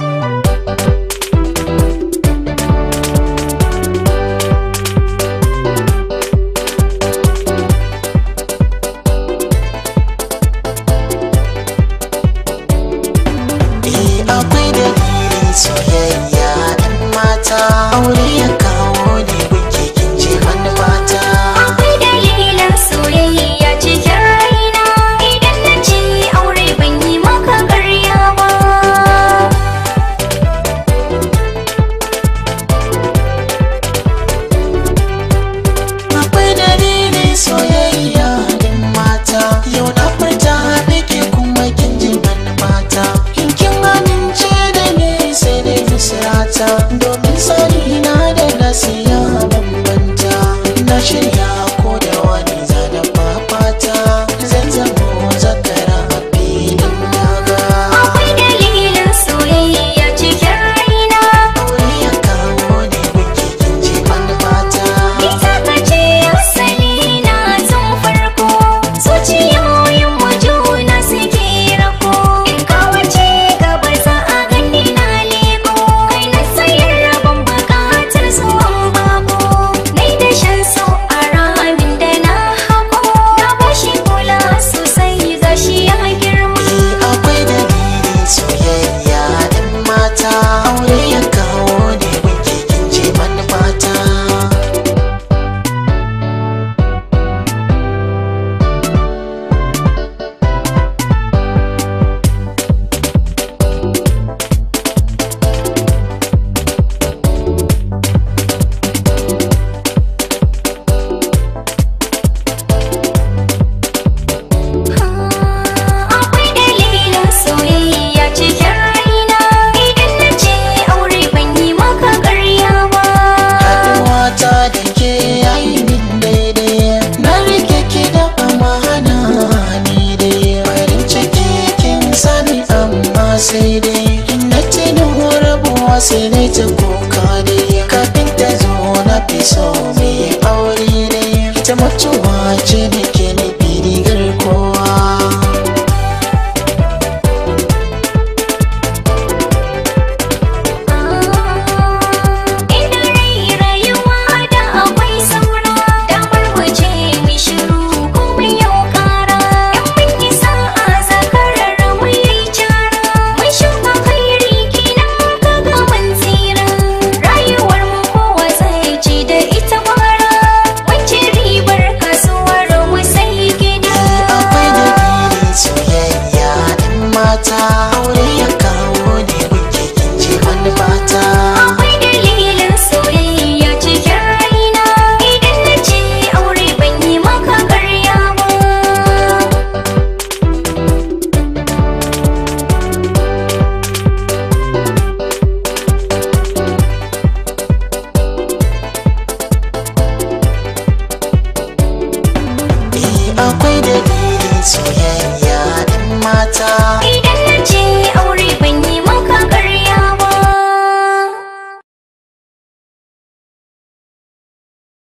you. shirya sai dai na ce da rabuwa sai dai ta kuka ne kafin ta zo na fi akwai dalilin soyayya ɗan mata idan na je aure